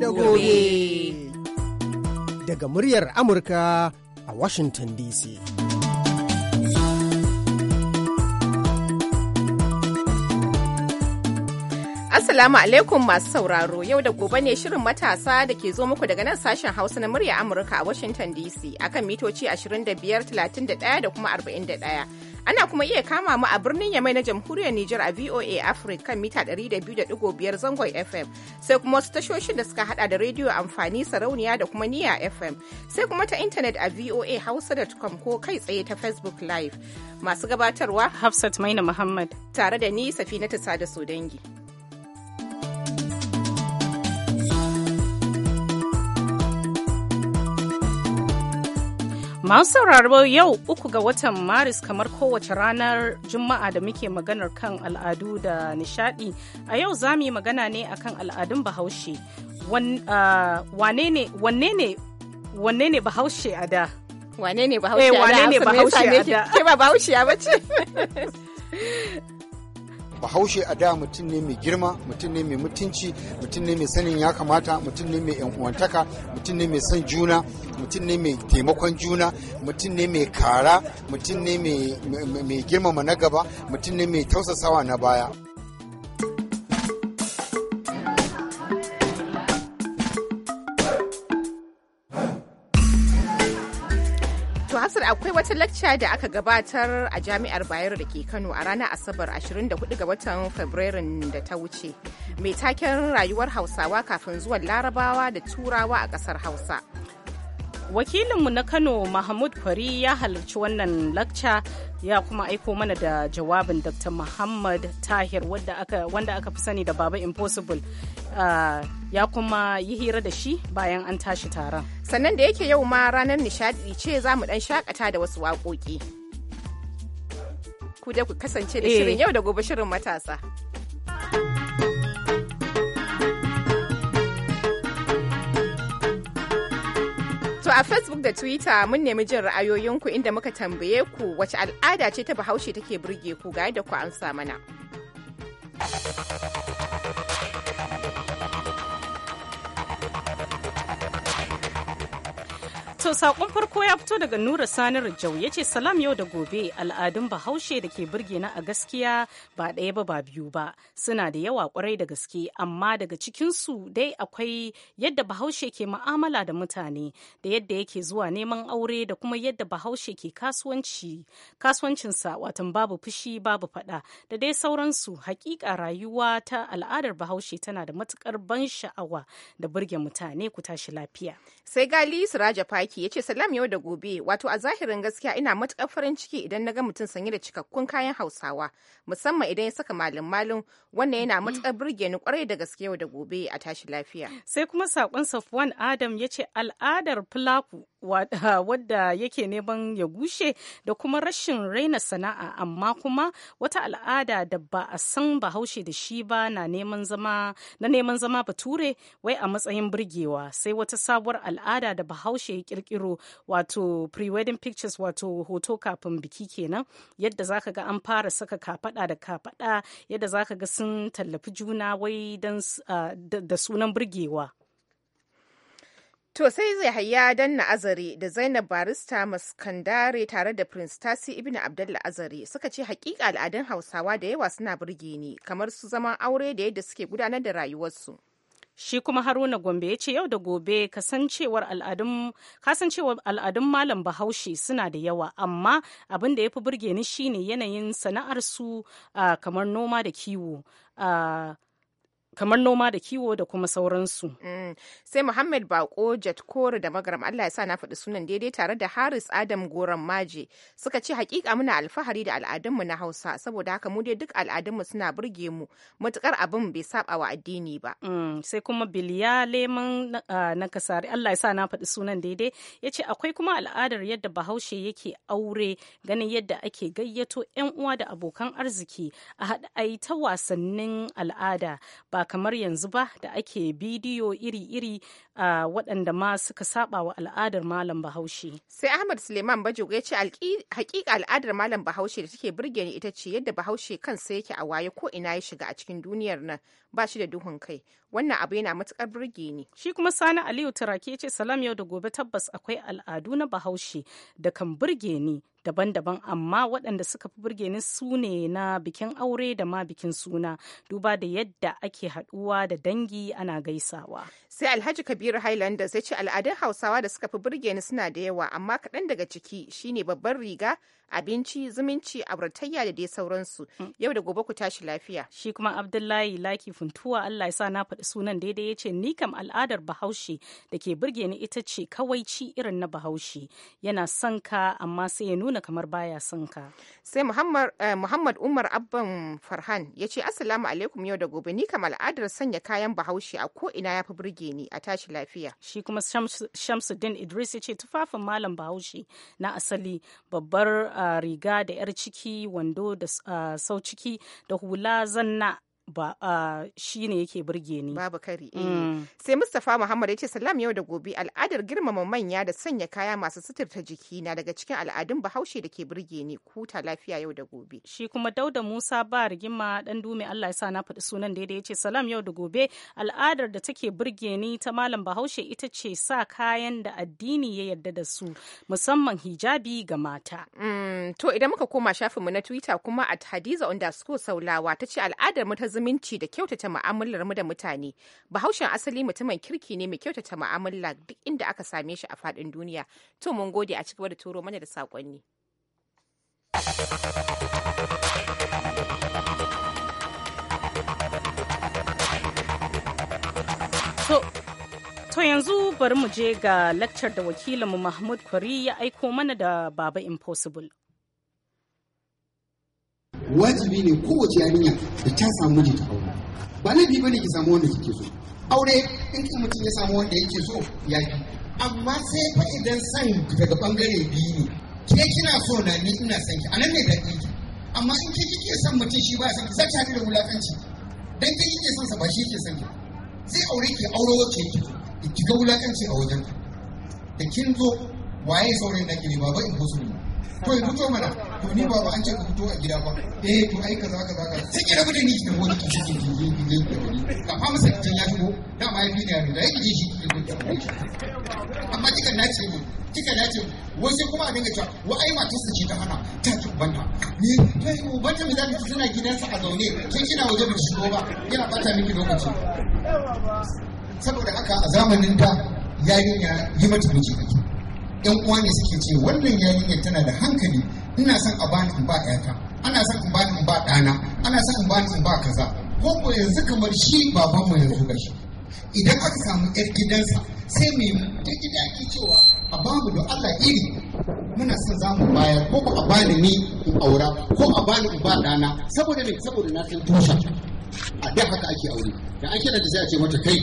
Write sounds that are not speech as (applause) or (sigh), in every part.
da gobe. Daga muryar Amurka a Washington DC. Assalamu alaikum masu sauraro yau da gobe ne shirin matasa da ke zo muku daga nan sashen Hausa na murya Amurka a Washington DC akan mitoci 25, 31 da kuma 41. Ana kuma iya kama mu a birnin Yamai na Jamhuriyar Nijar a VOA Africa kan mita 200.5 zangon FM sai kuma wasu tashoshin da suka hada da rediyo amfani sarauniya da kuma niya FM sai kuma ta intanet a voa hausa.com ko kai tsaye ta Facebook Live. Masu gabatarwa Hafsat Maina Muhammad tare da ni safinata Sada Sodangi. Masu sauraro yau uku ga watan Maris kamar kowace ranar Juma'a da muke maganar kan al'adu da nishadi. A yau za mu yi magana ne akan al'adun Bahaushe. Wanne ne Bahaushe a da? wanne ne Bahaushe a eh, da? Wanne ne Bahaushe a da? (laughs) Ke ba Bahaushe a bace? (laughs) bahaushe a da mutum ne mai girma mutum ne mai mutunci mutum ne mai sanin ya kamata mutum ne mai uwantaka mutum ne mai son juna mutum ne mai taimakon juna mutum ne mai kara mutum ne mai girmama na gaba mutum ne mai tausasawa na baya akwai wata lacca da aka gabatar a jami'ar Bayero da ke Kano a ranar Asabar 24 ga watan Fabrairun da ta wuce. Mai taken rayuwar Hausawa kafin zuwan Larabawa da Turawa a ƙasar Hausa. Wakilinmu na Kano Mahmud Kwari ya halarci wannan lacca ya kuma aiko mana da jawabin dr muhammad tahir wanda aka fi sani da baba impossible ah, ya kuma yi hira da shi bayan an tashi taron sannan da yake yau ma ranar nishadi ce za mu dan shakata da wasu waƙoƙi ku da ku kasance da eh. shirin yau da gobe shirin matasa a Facebook da Twitter mun nemi jin ra'ayoyinku inda muka tambaye ku wace al'ada ce ta Bahaushe take burge ku ga yadda ku amsa mana. To saƙon farko ya fito daga Nura Sani rajau ya ce salam yau da gobe al'adun bahaushe da ke burge na a gaskiya ba ɗaya ba ba biyu ba suna da yawa kwarai da gaske amma daga cikinsu dai akwai yadda bahaushe ke ma'amala da mutane da yadda yake zuwa neman aure da kuma yadda bahaushe ke kasuwanci kasuwancinsa watan babu fushi babu faɗa da dai sauransu hakika rayuwa ta al'adar bahaushe tana da matukar ban sha'awa da burge mutane ku tashi lafiya. Sai Gali raja Faki aiki ya ce salam yau da gobe wato a zahirin gaskiya ina matukar farin ciki idan na ga mutum sanye da cikakkun kayan hausawa musamman idan ya saka malin malin wannan yana matuƙar burge ni kwarai da gaske yau da gobe a tashi lafiya. Sai kuma sakon Safwan Adam ya ce al'adar fulaku ah, wadda yake neman ya gushe da kuma rashin raina sana'a amma kuma wata al'ada da ba a san bahaushe da shi ba na neman zama na neman zama bature wai a matsayin burgewa sai wata sabuwar al'ada da bahaushe ya kirkiro wato pre-wedding pictures wato hoto kafin biki kenan yadda zaka ga an fara saka kafada da kafada yadda zaka ga sun tallafi juna wai da sunan burgewa To sai zai Yahaya Danna Azare da Zainab Barista Maskandare tare da Prince Tasi Ibn Abdullah Azare suka ce hakika al'adun Hausawa da yawa suna burge ni kamar su zaman aure da yadda suke gudanar da rayuwarsu. shi kuma haruna gombe ya ce yau da gobe kasancewar al'adun malam bahaushe suna da yawa amma abin da ya fi burge ni shine yanayin sana'ar sana'arsu ah, kamar noma da kiwo ah, kamar noma da kiwo da kuma sauransu. Mm. Sai Muhammad Bako Jet Kore da Magaram Allah ya sa na faɗi sunan daidai tare da Haris Adam Goran Maje suka ce hakika muna alfahari da al'adunmu na Hausa saboda haka mu dai duk al'adunmu suna burge mu matukar abin bai saba wa addini ba. Mm. Sai kuma Biliya Leman ah, na Kasari Allah ya sa na faɗi sunan daidai ya ce akwai kuma al'adar yadda Bahaushe yake aure ganin yadda ake gayyato 'yan uwa da abokan arziki a haɗa a ta wasannin al'ada ba kamar yanzu ba da ake bidiyo iri-iri uh, waɗanda ma suka saba wa al'adar malam bahaushe sai ahmad suleiman bajogo ya ce hakika al'adar malam bahaushe da take burge ni ita ce yadda bahaushe kansa yake a waye ko ina ya shiga a cikin duniyar nan ba shi da duhun kai wannan abu yana matukar burge ni shi kuma sani aliyu turaki ya ce salam yau da gobe tabbas akwai al'adu na bahaushe da kan burge ni daban-daban amma waɗanda suka fi burge ni su ne na bikin aure da ma bikin suna duba da yadda ake haɗuwa da dangi ana gaisawa. Sai Alhaji Kabiru Highlanders ya ce al'adun Hausawa da suka fi burge ni suna da yawa amma kaɗan daga ciki shine babban riga abinci zumunci auratayya da dai sauransu mm. yau da gobe ku tashi lafiya shi kuma abdullahi laki funtuwa allah ya sa na faɗi sunan daidai ya ce ni kam al'adar bahaushe da ke burge ni ita ce kawai ci irin na bahaushe yana son ka amma sai ya nuna nuna kamar baya son ka sai eh, muhammad umar abban farhan ya ce assalamu alaikum yau da gobe ni kam al'adar sanya kayan bahaushe a ko ina ya fi burge ni a tashi lafiya shi kuma shamsuddin idris ya ce tufafin malam bahaushe na asali babbar ah, riga da yar ciki wando da ah, sau ciki da hula zanna ba uh, shi ne yake burge ni babu kari eh. mm. sai mustapha muhammad ya ce salam yau da gobe al'adar girmama manya da sanya kaya masu suturta jiki na daga cikin al'adun bahaushe da ke burge ni kuta lafiya yau da gobe shi kuma dauda musa ba rigima dan dume allah ya sa na faɗi sunan da ya ce salam yau da gobe al'adar da take burge ni ta malam bahaushe ita ce sa kayan da addini ya yarda da su musamman hijabi ga mata mm. to idan muka koma shafinmu na twitter kuma at hadiza underscore saulawa ta ce al'adar mu ta zumunci da kyautata mu'amalar mu da mutane bahaushen asali mutumin kirki ne mai kyautata mu'amala duk inda aka same shi a fadin duniya to mun gode a cigaba da turo mana da saƙonni. to yanzu bari mu je ga lakcar da wakilinmu Mahmud Kwari ya aiko mana da Baba Impossible. wajibi ne kowace yarinya da ta samu miji ta aure ba laifi bane ki samu wanda kike so aure in ki mutum ya samu wanda yake so ya fi amma sai fa idan san daga bangare biyu ne ke kina so na ni ina san ki anan ne da ki amma in ke kike son mutum shi ba san ki zai da wulakanci dan ke kike son sa ba shi yake son ki sai aure ki aure wacce so ki ga wulakanci a wajen da kin zo waye saurayin da ki ne ba ba in ko su ne to ya fito mana to ni ba ba an ce ka fito a gida ba eh to ai kaza kaza kaza sai ki rabu da ni da wani ki shi ki je ki je da wani ka fa masa kin ya shigo da ma yafi ne yaro da yake shi ki je ki amma kika nace mu kika nace wai sai kuma a dinga cewa wa ai matar sa ce ta hana ta ki ubanta ni kai ubanta mi za ki tana gidansa a zaune kin kina waje ba shigo ba yana bata miki lokaci saboda haka a zamanin ta yayin ya yi mata miji kake yan uwa ne suke ce wannan yarinyar tana da hankali ina son a bani in ba ƴata ana son in bani in ba ɗana ana son in bani in ba kaza ko ko yanzu kamar shi babanmu yanzu shi idan aka samu ƴar gidansa sai mai ta gida ake cewa a bamu da Allah iri muna son za mu bayar ko a bani ni in aura ko a bani in ba ɗana saboda me saboda na san tusha a da haka ake aure da an kira da sai a ce mata kai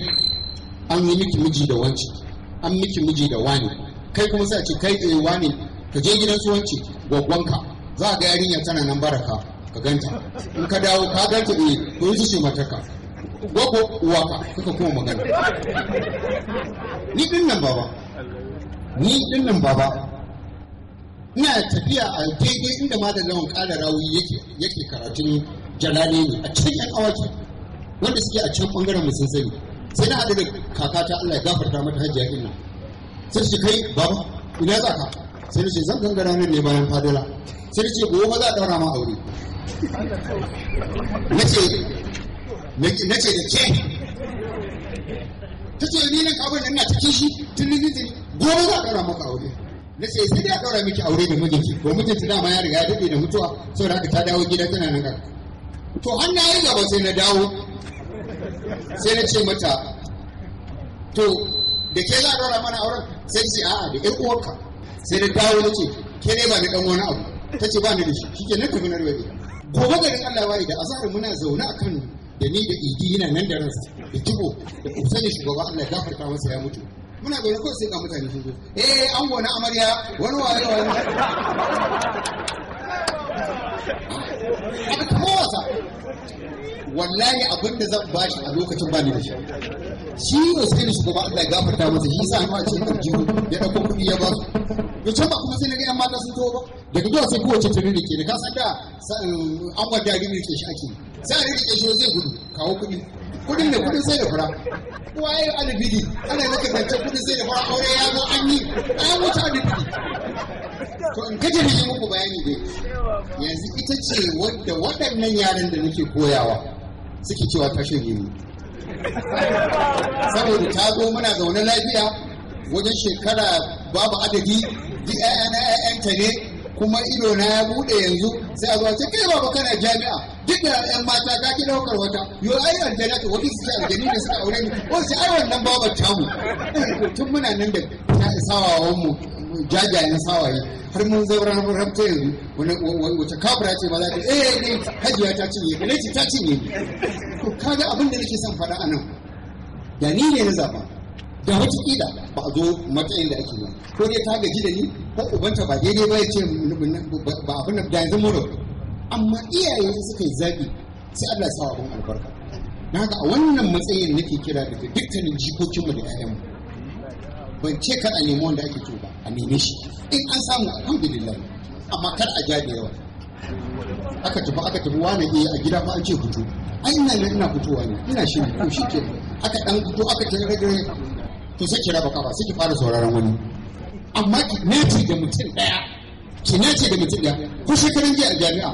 an yi miki miji da wanci an miki miji da wani kai kuma sai ce kai tsayewa ne ka je gidan tsohonci gwaggonka za a ga yarinya tana nan baraka ka ganta in ka dawo ka ganta ɗaya to yi shi matarka gwaggo uwaka kaka kuma magana ni ɗin nan baba ni ɗin nan baba ina tafiya a daidai inda lawan kala rawi yake yake karatun jalale ne a cikin yan awaki wanda suke a can ɓangaren musulmi sai na haɗu da kakata Allah ya gafarta mata hajiya ina sai shi kai baba ina za ka sai ce zan gangara nan ne bayan fadila sai ce gobe ba za a daura ma aure nace nace da ke ta ce ni nan kabin ina cikin shi tun ni zini gobe za a daura maka aure na ce sai dai a daura miki aure da mijinki ko mijinki dama ya riga ya daɗe da mutuwa saboda haka ta dawo gida tana nan to har na yi gaba sai na dawo sai na ce mata to da ke za a mana auren sai ce a'a da ƴan uwarka sai da dawo da ce ke ne ba ni dan wani abu ta ce ba ni da shi ke nan tafi na rabe gobe garin Allah waye da azahar muna zaune a akan da ni da idi yana nan da ransa da tubo da kusanin shugaba Allah farka masa ya mutu muna zaune kawai sai ga mutane sun zo eh an gona amarya wani waye wani aka kuma wallahi abin da zan bashi a lokacin ba ni da shi shi ne sai ni shugaba Allah ya gafarta masa shi sa hannu a cikin aljihu ya dauko kudi ya ba su to can ba kuma sai na ga yan mata sun tawo ba daga zuwa sai kowace ta ke da ka san da um, an wa dari ke shi ake sai a ririke shi zai gudu kawo kudi Kudin ne kudin sai da fara. kowa ya yi alibidi ana yi maka kudin sai da fara aure ya zo an yi an wuce alibidi to in kaje ne muku bayani dai yanzu ita ce wadda waɗannan yaran da nake koyawa suke cewa kashe gini saboda ta zo muna zaune lafiya wajen shekara babu adadi duk ƴaƴana ne kuma ido na ya buɗe yanzu sai a zuwa ce kai baba kana jami'a duk da ƴan mata ka ki ɗaukar wata yo ai aljana to wani suke aljani da suka aure ni ko sai ai wannan babar tamu tun muna nan da ta isawa mu jajayen sawaye har mun zaura mun rabta yanzu wata kafira ce ba za ta eh ne eh, eh, hajiya ta cinye ka ce ta cinye Ka kaga abin da nake son faɗa anan. da ni ne na zaba da wata kida ba a zo matsayin da ake ba ko dai ta gaji da ni ko ubanta ba daidai ba ya ce ba abin da yanzu mura amma iyaye suka yi zabi sai Allah ya sa abin albarka na haka a wannan matsayin nake kira daga dukkanin jikokinmu da 'ya'yanmu ban ce kada nemi wanda ake a neme shi in an samu alhamdulillah amma kar a ja da yawa aka tafi aka tafi wani ne eh, a gida ba an ce fito ai ina na ina fitowa ne ina shi Ko shi ke aka dan fito aka ta rage to sai kira baka ba sai ki fara sauraron wani amma ki nace da mutum daya ki nace da mutum daya ko shekaran jiya a jami'a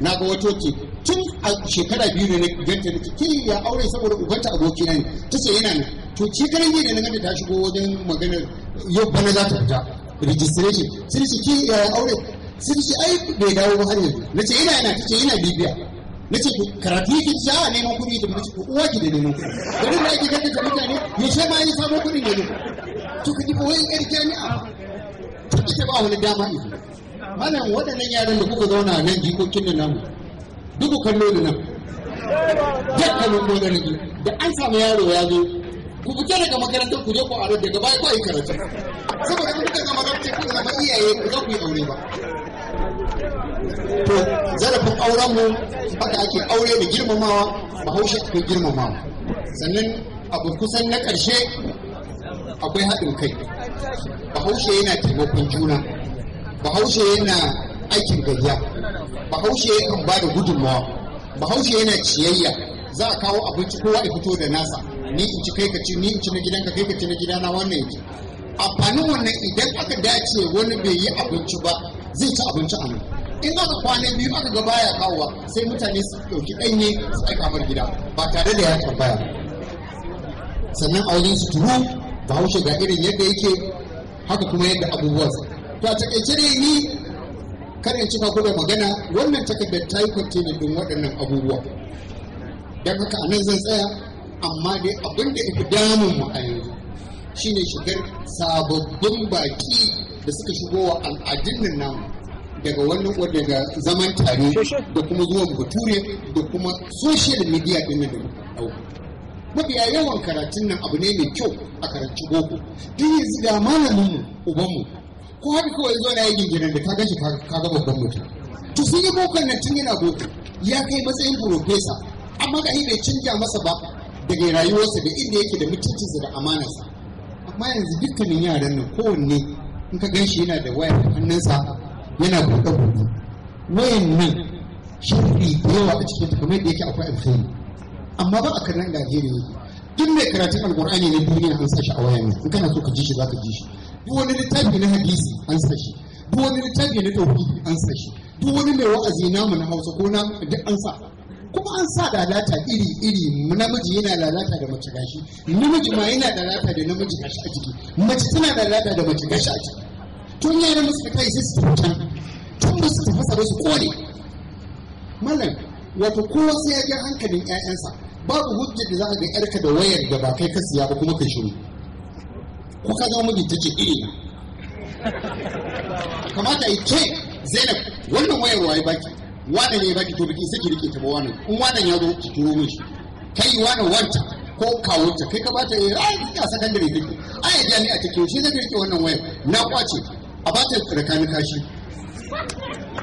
na ga wato ce tun a shekara biyu ne ganta ne ke ya aure saboda ubanta abokina ne ta yana ne to shekaran jiya da na ganta ta shigo wajen maganar yau bana za ta fita registration sun ce ki yaya aure sun ce ai bai dawo ba har yanzu na ce ina ina ta ce ina bibiya na ce karatu yake ci a neman kuɗi da mace ko uwa ki da neman kuɗi gari da ake gaddata mutane ya ce ma ya samu kuɗin ne to ka tafi wani yar jami'a to ce ba wani dama ne malam waɗannan yaran da kuka zauna nan jikokin da namu duk kallo da nan duk kallo da nan da an samu yaro ya zo ku fita daga makarantar ku je ku aure daga baya ku yi karatu saboda kun daga makarantar ku zama iyaye ku zo ku yi aure ba to zarafin auren mu haka ake aure da girmamawa bahaushe akwai girmamawa sannan abu kusan na karshe akwai haɗin kai bahaushe yana taimakon juna bahaushe yana aikin gayya bahaushe yakan ba da gudunmawa bahaushe yana ciyayya za a kawo abinci kowa ya fito da nasa ni in ci kai ka ci ni in ci na gidanka kai ka ci na gidana wannan yake A amfanin wannan idan aka dace wani bai yi abinci ba zai ci abinci a nan in aka kwana biyu aka ga baya kawowa sai mutane su ɗauki ɗanye su aika mar gida ba tare da ya tambaya sannan a wajen suturu haushe ga irin yadda yake haka kuma yadda abubuwa. to a takaice dai ni in cika kuma magana wannan takardar ta yi kwantena don waɗannan abubuwa don haka a nan zan tsaya amma dai abin da ya damun mu a yanzu shine shigar sababbin baki da suka shigo wa al'adun nan namu daga wannan daga zaman tare da kuma zuwan bature da kuma social media din nan da dauka mafiya yawan karatun nan abu ne mai kyau a karanci boko duk yanzu da malamin mu uban mu ko haka kawai zo na yi gingirin da ka gashi ka ga babban mutum to sun yi bokon nan tun yana boko ya kai matsayin profesa amma ga bai canja masa ba daga rayuwarsa da inda yake da mutuncinsa da amanarsa amma yanzu dukkanin yaran nan kowanne in ka gan shi yana da waya da hannunsa yana buɗe buɗe wayan nan sharri da yawa a cikin kamar da yake akwai alkhairi amma ba a karnan da yake duk mai karatun alkur'ani na duniya an sashi a wayan nan in kana so ka ji shi za ka ji shi duk wani littafi na hadisi an sashi duk wani littafi na tauhidi an sashi duk wani mai wa'azi namu na hausa ko na duk an sa kuma an sa lalata iri-iri namiji yana lalata da mace gashi namiji ma yana lalata da namiji gashi a ciki mace tana lalata da mace gashi a ciki tun yaran musu kai sai su tafi can tun musu su fasa su kone mallam wato kowa sai ya ga hankalin ƴaƴansa babu hujjar da za ka ga ƴarka da wayar da ba kai ka siya ba kuma ka shiru ko ka zama mijinta ce iri na kamata yi ke zainab wannan wayar waye baki wadan ya baki to biki saki rike ta ba wannan in wadan ya zo ki turo min shi kai wadan wanta ko kawunta kai ka bata eh ai ka sakandare take ai jami'a take shi zai rike wannan waya na kwace a bata kani kashi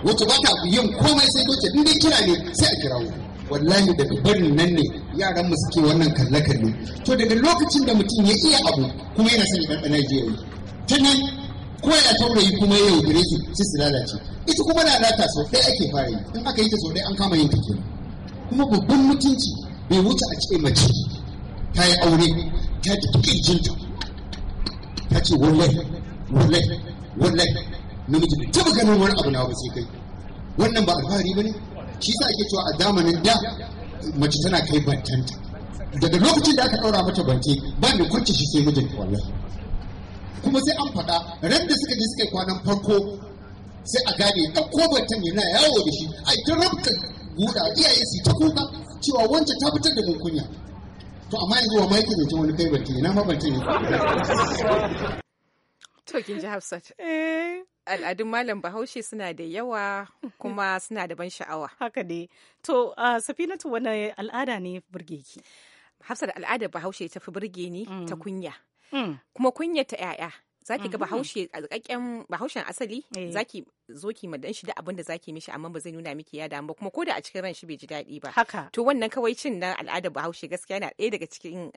wato ba ta yin komai sai doce in dai kira ne sai a kirawo wallahi daga barin nan ne yaran mu suke wannan kalle kalle to daga lokacin da mutum ya iya abu kuma yana son ya ɗanɗana jiya ta nan ko yana taurayi kuma ya gare su sai su lalace ita kuma lalata sau ɗaya ake fara yi in aka yi ta sau ɗaya an kama yin ta kenan kuma babban mutunci bai wuce a ce mace ta yi aure ta da kirjinta ta ce wallahi wallahi wallahi namiji bai taɓa ganin wani abu na ba sai kai wannan ba alfahari ba ne shi sa ake cewa a zamanin da mace tana kai bantanta daga lokacin da aka ɗaura mata bante ba da kwanci shi sai mijinta wallahi kuma sai an faɗa ran da suka ji suka kwanan farko sai a gane ɗauko bantan yana yawo da shi a ita rabta guda iyaye su ta kuka cewa wancan ta fitar da mun kunya to amma yanzu wa maiki da wani kai bantan yana ma to kin ji Hafsat eh, al'adun malam bahaushe suna da yawa kuma suna da ban sha'awa haka dai to ah, safinatu wani al'ada ne burgeki. hafsar al'ada bahaushe ta fi burge ni mm. ta kunya mm. kuma kunya ta 'ya'ya zaki ga mm-hmm. bahaushe alƙaƙƙen bahaushen asali eh. zaki zo ki madan shi da abin da zaki mishi amma ba zai nuna miki ya damu ba kuma ko da a cikin ran shi bai ji daɗi ba haka to wannan kawai cin na al'adar bahaushe gaskiya na ɗaya daga cikin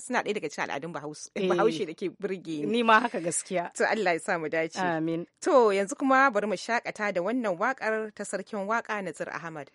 suna ɗaya daga cikin al'adun eh. bahaushe da ke burge ni ni ma haka gaskiya to Allah ya sa mu dace amin to yanzu kuma bari mu shakata da wannan wakar ta sarkin waka Nazir Ahmad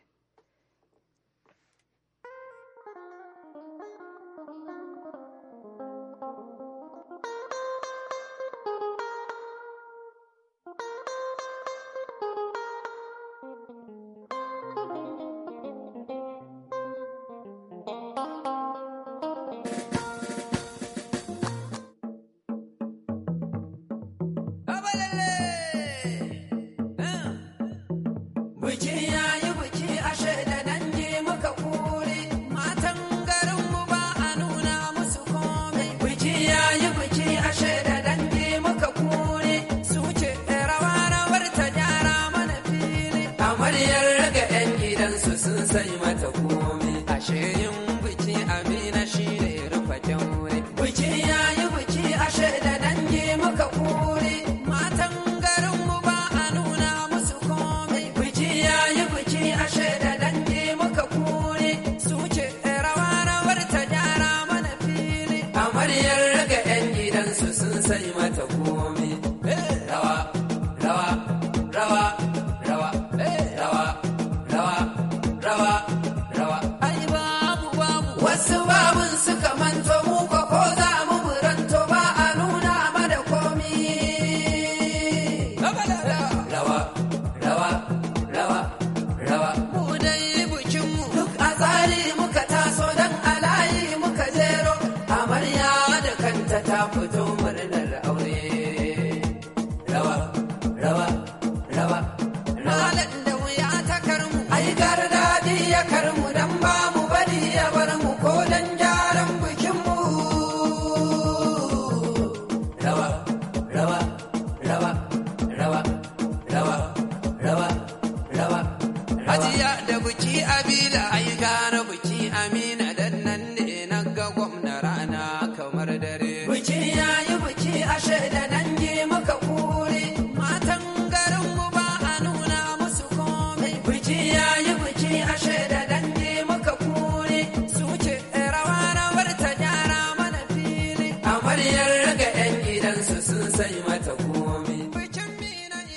sai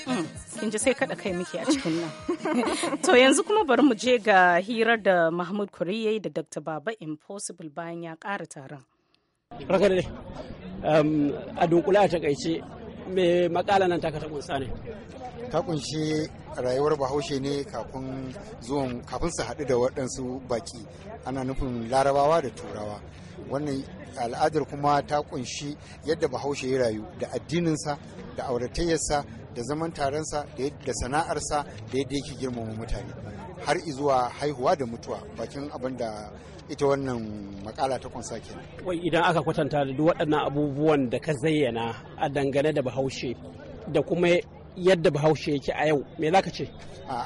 hmm, kin ji sai kaɗa kai muke a cikin nan (laughs) to yanzu kuma bari mu je ga hirar da mahmud kuriye da dr baba impossible bayan ya ƙara taron raka da a dunkula a takaice me makala nan ta ta kunsa ne ta kunshi rayuwar bahaushe ne kafin zuwan kafin su haɗu da waɗansu baki ana nufin larabawa da turawa wannan al'adar kuma ta kunshi yadda bahaushe ya rayu da addininsa da auratayyarsa da zaman taronsa da sana'arsa da yadda yake girmama mutane har izuwa haihuwa da mutuwa bakin abin da ita wannan makala ta kunsa kenan. wai idan aka kwatanta da duk waɗannan abubuwan da ka zayyana a dangane da bahaushe da kuma yadda bahaushe yake a yau me za ka ce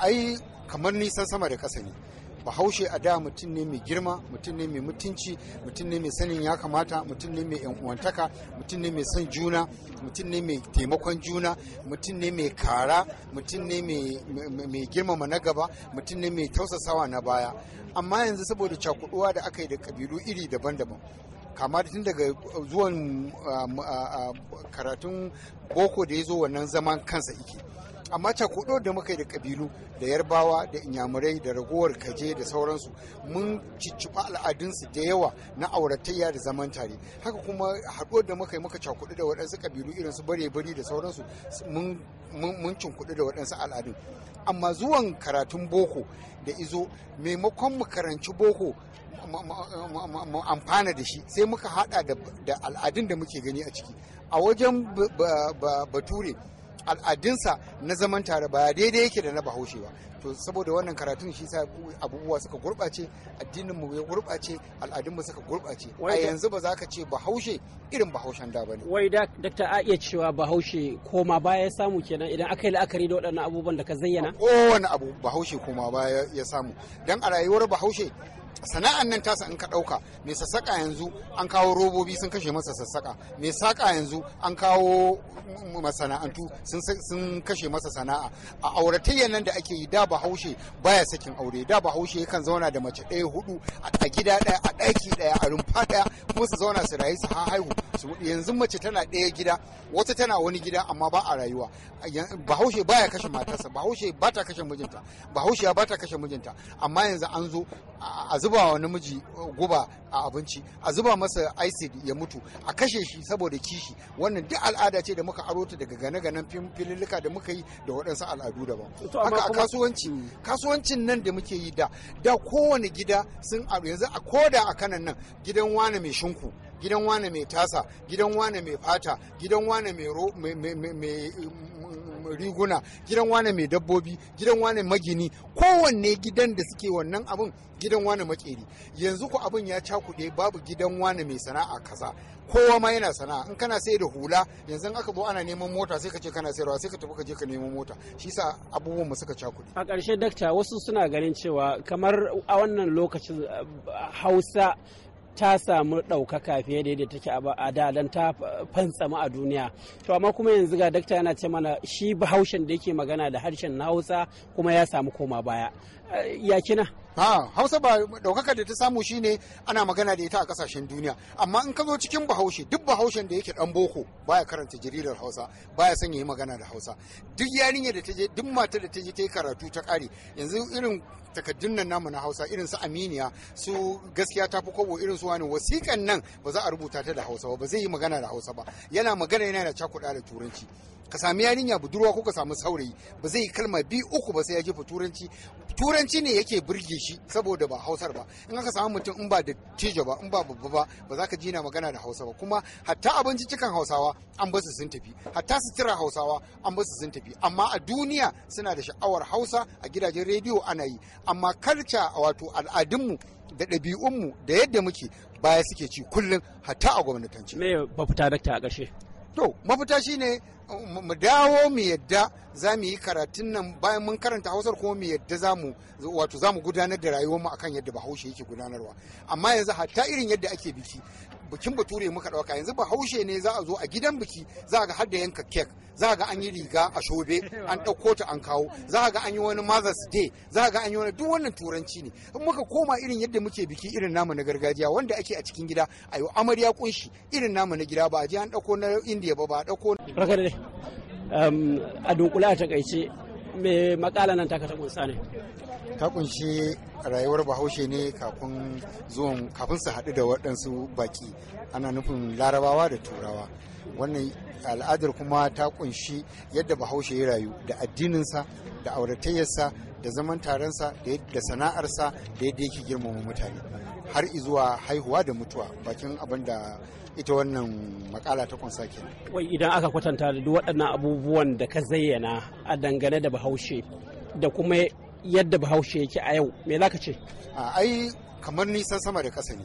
ai kamar nisan sama da ƙasa ne bahaushe a da mutum ne mai girma mutum ne mai mutunci mutum ne mai sanin ya kamata mutum ne mai uwantaka mutum ne mai son juna mutum ne mai taimakon juna mutum ne mai kara mutum ne mai girmama na gaba mutum ne mai tausasawa na baya amma yanzu saboda cakuduwa da aka yi da kabilu iri daban-daban kama tun daga zuwan ah, ah, ah, karatun boko da ya zo wannan zaman kansa ike amma cakudo da muka yi da kabilu da yarbawa da inyamurai da ragowar kaje da sauransu mun cicciɓa al'adunsu da yawa na auratayya da zaman tare haka kuma haɗuwar da muka yi muka cakudu da waɗansu kabilu irin su bare bari da sauransu mun cinkudu da waɗansu al'adun amma zuwan karatun boko da izo maimakon mu karanci boko mu amfana da shi sai muka haɗa da al'adun da muke gani a ciki a wajen bature al'adunsa na zaman tare ba daidai yake da na bahaushe ba to saboda wannan karatun shi sa abubuwa suka gurɓace addininmu ya gurɓace al'adunmu suka gurɓace a yanzu ba za ka ce bahaushe irin bahaushen da bane wai da a iya cewa bahaushe koma baya ya samu kenan idan aka yi la'akari da waɗannan abubuwan da ka zayyana kowane abu bahaushe koma baya ya samu dan a rayuwar bahaushe sana'an nan tasa in ka ɗauka mai sassaƙa yanzu an kawo robobi sun kashe masa sassaƙa mai saƙa yanzu an kawo masana'antu sun kashe masa sana'a a auratayyar nan da ake yi da bahaushe baya sakin aure da bahaushe yakan zauna da mace ɗaya hudu a gida ɗaya a ɗaki ɗaya a rumfa ɗaya kuma su zauna su rayu su haihu su buɗe yanzu mace tana ɗaya gida wata tana wani gida amma ba a rayuwa bahaushe baya kashe matarsa bahaushe ba ta kashe mijinta bahaushe ba ta kashe mijinta amma yanzu an zo a zuba wa namiji guba a abinci a zuba masa acid ya mutu a kashe shi saboda kishi wannan duk al'ada ce da muka aro ta daga gane-ganen filillika da muka yi da waɗansu al'adu daban haka a kasuwanci hmm. kasuwancin nan da muke yi da da kowane gida sun yanzu a koda a kanan nan gidan wani mai shinku gidan wane mai tasa gidan wane mai fata gidan wane mai riguna gidan wane mai dabbobi gidan wane magini kowanne gidan da suke wannan abin gidan wane makeri yanzu ku abin ya cakuɗe babu gidan wane mai sana'a kaza kowa ma yana sana'a in kana sai da hula yanzu aka zo ana neman mota sai ka ce kana sayarwa sai ka tafi ka je ka neman mota shi sa abubuwan mu suka cakuɗe a ƙarshe dakta wasu suna ganin cewa kamar a wannan lokacin eh, hausa ta samu ɗaukaka fiye da yadda take a da dan ta fantsama a duniya to amma kuma yanzu ga dakta yana ce mana shi bahaushen da yake magana da harshen na hausa kuma ya samu koma baya eh, ya ha hausa ba daukaka da ta samu shi ne ana magana da ita a kasashen duniya amma in ka zo cikin bahaushe duk bahaushen da yake dan boko baya karanta jaridar hausa baya son yi magana da hausa duk yarinya da ta je duk mata da ta je ta yi karatu ta kare yanzu irin takaddun nan namu na hausa irin su aminiya su gaskiya ta fi kobo irin su wani wasiƙan nan ba za a rubuta ta da hausa ba ba zai yi magana da hausa ba yana magana yana da cakuda da turanci ka sami yarinya budurwa ko ka samu saurayi ba zai yi kalma biyu uku ba sai ya jefa turanci turanci ne yake burge shi shi saboda ba hausar ba in aka samu mutum in ba da tijo ba in ba babba ba ba za ka ji na magana da hausa ba kuma hatta abinci cikin hausawa an basu sun tafi hatta su tira hausawa an basu sun tafi amma a duniya suna da sha'awar hausa a gidajen rediyo ana yi amma karca wato al'adunmu da ɗabi'unmu da yadda muke baya suke ci kullum hatta a gwamnatance. Me ba fita a ƙarshe? to mafita ne mu dawo mu yadda za mu yi karatun nan bayan mun karanta hausar kuma mu yadda za mu wato za mu gudanar da rayuwarmu akan yadda bahaushe yake gudanarwa amma yanzu hatta irin yadda ake biki bikin bature muka ɗauka yanzu ba haushe ne za a zo a gidan biki za ga har da yanka kek za ga an yi riga a shobe an ɗauko ta an kawo za ga an yi wani mother's day za ga an yi wani duk wannan turanci ne in muka koma irin yadda muke biki irin namu na gargajiya wanda ake a cikin gida a yi amarya kunshi irin namu na gida ba a je an ɗauko na indiya ba ba a ɗauko a dunkula a takaice me makala nan taka ta kunsa ne ta kunshi rayuwar bahaushe ne kafin zuwan kafin su haɗu da waɗansu baki ana nufin larabawa da turawa wannan al'adar kuma ta kunshi yadda bahaushe ya rayu da addininsa da auratayyarsa da zaman taronsa da sana'arsa da yadda yake girmama mutane har izuwa haihuwa da mutuwa bakin abin da ita wannan makala ta kunsa kenan wai idan aka kwatanta da duk waɗannan abubuwan da ka zayyana a dangane da bahaushe da kuma yadda bahaushe yake a yau me zaka ce ai kamar nisan sama da ƙasa ne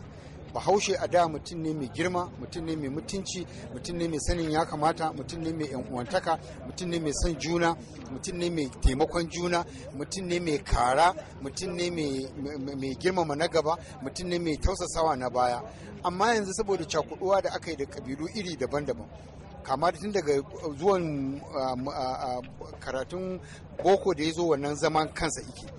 bahaushe a da mutum ne mai girma mutum ne mai mutunci mutum ne mai sanin ya kamata mutum ne mai uwantaka mutum ne mai son juna mutum ne mai taimakon juna mutum ne mai kara mutum ne mai girmama na gaba mutum ne mai tausasawa na baya amma yanzu saboda cakuduwa da aka yi da kabilu iri daban-daban kama tun daga zuwan ah, ah, ah, karatun boko da ya zo wannan zaman kansa ike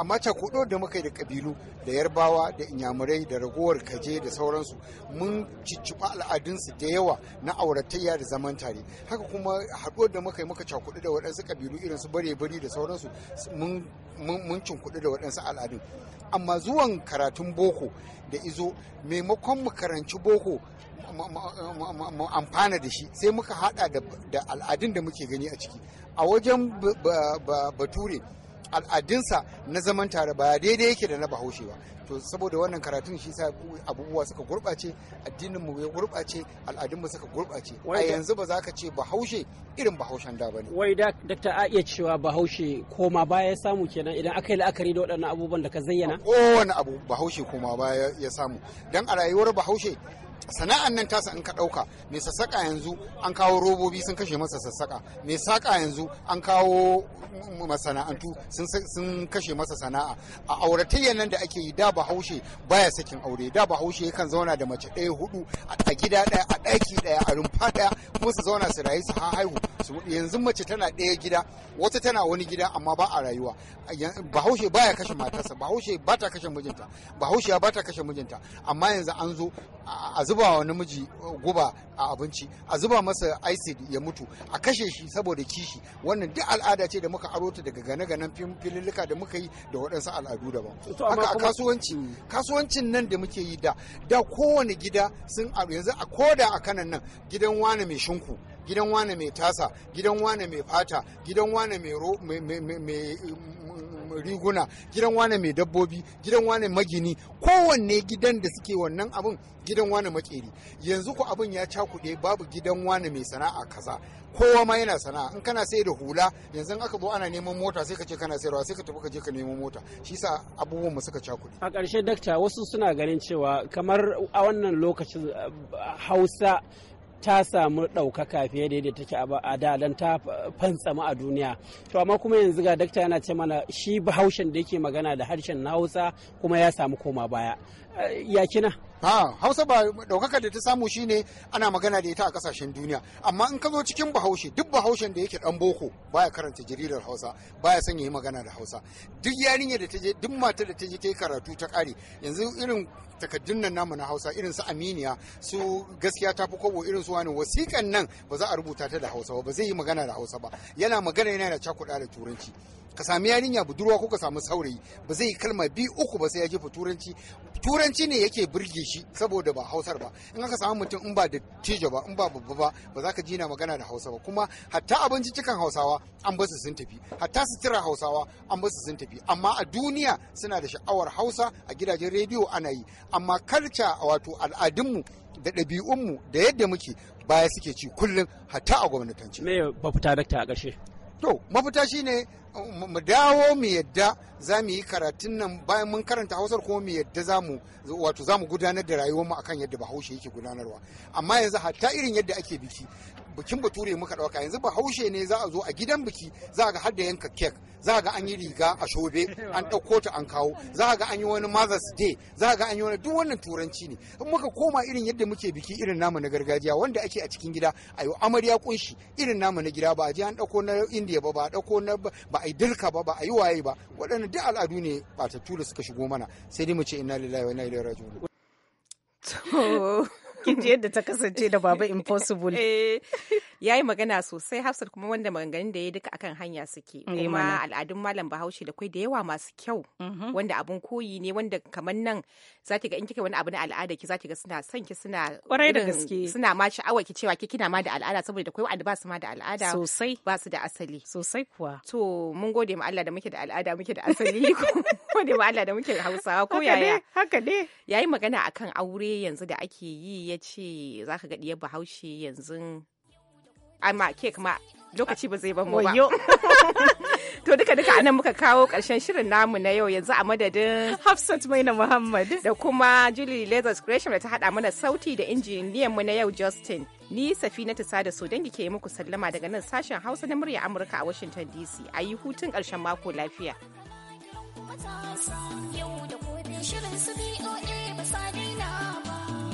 amma cakudo da muka yi da kabilu da yarbawa da inyamurai da ragowar kaje da sauransu mun cicciɓa al'adunsu da yawa na auratayya da zaman tare haka kuma haɗo da muka yi muka cakudu da waɗansu kabilu irin su bare bari da sauransu mun cinkudu da waɗansu al'adun amma zuwan karatun boko da izo maimakon mu karanci boko mu amfana da shi sai muka hada da al'adun da muke gani a ciki a wajen bature al'adunsa na zaman tare ba daidai yake da na bahaushe ba to saboda wannan karatun shi sa abubuwa suka gurɓace addinin mu ya gurɓace al'adun mu suka gurɓace a yanzu ba za ka ce bahaushe irin bahaushen da bane wai da dakta a iya cewa bahaushe koma baya ya samu kenan idan aka yi la'akari da waɗannan abubuwan da ka zayyana kowane abu bahaushe koma baya ya samu dan a rayuwar bahaushe sana'an nan tasa in ka ɗauka mai sassaƙa yanzu an kawo robobi sun kashe masa sassaƙa mai saƙa yanzu an kawo masana'antu sun kashe masa sana'a a auratayyar nan da ake yi da bahaushe baya sakin aure da bahaushe yakan zauna da mace ɗaya hudu a gida ɗaya a ɗaki ɗaya a rumfa ɗaya kuma su zauna su rayu su haihu yanzu mace tana ɗaya gida wata tana wani gida amma ba a rayuwa bahaushe baya kashe matarsa bahaushe ba ta kashe mijinta bahaushe ba ta kashe mijinta amma yanzu an zo a zuba wa namiji guba a abinci a zuba masa acid ya mutu a kashe shi saboda kishi wannan duk al'ada ce da muka aro daga gane-ganen filillika da muka yi da waɗansu al'adu daban haka a kasuwanci mm. kasuwancin nan da muke yi da da kowane gida sun yanzu a koda a kanan nan gidan wane mai shinku gidan wane mai tasa gidan wane mai fata gidan wane mai riguna gidan wane mai dabbobi gidan wane magini kowanne gidan da suke wannan abun gidan wane makeri yanzu ku abun ya cakuɗe babu gidan wane mai sana'a kaza kowa ma yana sana'a in kana sai da hula yanzu aka zo ana neman mota sai ka ce kana sayarwa sai ka tafi ka je ka neman mota shi sa abubuwan mu suka cakuɗe a ƙarshe dakta wasu suna ganin cewa kamar a wannan lokacin eh, hausa ta samu ɗaukaka fiye da yadda take a da dan ta fantsama a duniya to amma kuma yanzu ga dakta yana ce mana shi bahaushen da yake magana da harshen na hausa kuma ya samu koma baya Yakina. ha hausa ba ɗaukaka da ta samu shi ne ana magana da ita a kasashen duniya amma in ka zo cikin bahaushe duk bahaushen da yake dan boko baya karanta jaridar hausa baya son ya yi magana da hausa duk yarinya da ta je duk mata da ta je ta yi karatu ta kare yanzu irin takaddun nan namu na hausa irin su aminiya su gaskiya ta fi kobo irin su wani wasikan nan ba za a rubuta ta da hausa ba ba zai yi magana da hausa ba yana magana yana da cakuɗa da turanci ka sami yarinya budurwa ko ka samu saurayi ba zai kalma bi uku ba sai ya jefa turanci turanci ne yake burge shi saboda ba hausar ba in aka samu mutum in ba da tijo ba in ba babba ba ba za ka jina magana da hausa ba kuma hatta abinci cikin hausawa an basu sun tafi hatta sutura hausawa an basu sun tafi amma a duniya suna da sha'awar hausa a gidajen rediyo ana yi amma karca wato al'adunmu da ɗabi'unmu da yadda muke baya suke ci kullum hatta a gwamnatanci. Me mafita dakta a ƙarshe? To mafita shine mu dawo mu yadda za mu yi karatun nan bayan mun karanta hausar kuma mu yadda za mu wato za mu gudanar da rayuwar mu akan yadda bahaushe yake gudanarwa amma yanzu hatta irin yadda ake biki bikin bature muka dauka yanzu bahaushe ne za a zo a gidan biki za ga har da yanka kek za ga an yi riga a shobe an ɗauko ta an kawo za ga an yi wani mother's day za ga an yi wani duk wannan turanci ne in muka koma irin yadda muke biki irin namu na gargajiya wanda ake a cikin gida a amarya kunshi irin namu na gida ba a je an ɗauko na indiya ba ba a ɗauko na ba ba a yi dirka ba ba a yi waye ba waɗanda duk al'adu ne ɓatattu da suka shigo mana sai dai mu ce ina lillahi wa ina ilaihi raji'un kin ji yadda ta kasance da baba impossible (laughs) eh, ya yi magana sosai hafsar kuma wanda maganganun da ya duka akan hanya suke mm, Kuma al'adun malam bahaushe da kwai da yawa masu kyau mm-hmm. wanda abun koyi ne wanda kamar nan zaki ga in kika wani abu na al'ada ki zaki ga suna son ki suna kwarai da gaske suna ma sha'awar ki cewa ki kina ma da al'ada saboda kwai wanda ba su ma da al'ada sosai ba su da asali sosai kuwa to mun gode ma Allah da muke da al'ada muke da asali (laughs) gode ma Allah da muke da Hausawa ko yaya haka ne yayi magana akan aure yanzu da ake yi ya ce za ka ga ɗiyar bahaushe yanzu amma ke ma lokaci ba zai mu ba. (laughs) To duka duka anan muka kawo ƙarshen shirin namu na yau yanzu a madadin Hafsat Maina Muhammad da kuma Julie Lazarus Gresham da ta haɗa mana sauti da injiniyan mu na yau Justin. Ni na ta sada so dangi ke muku sallama daga nan sashen Hausa na murya Amurka a Washington DC. A yi hutun ƙarshen mako lafiya. shirin su BOA ba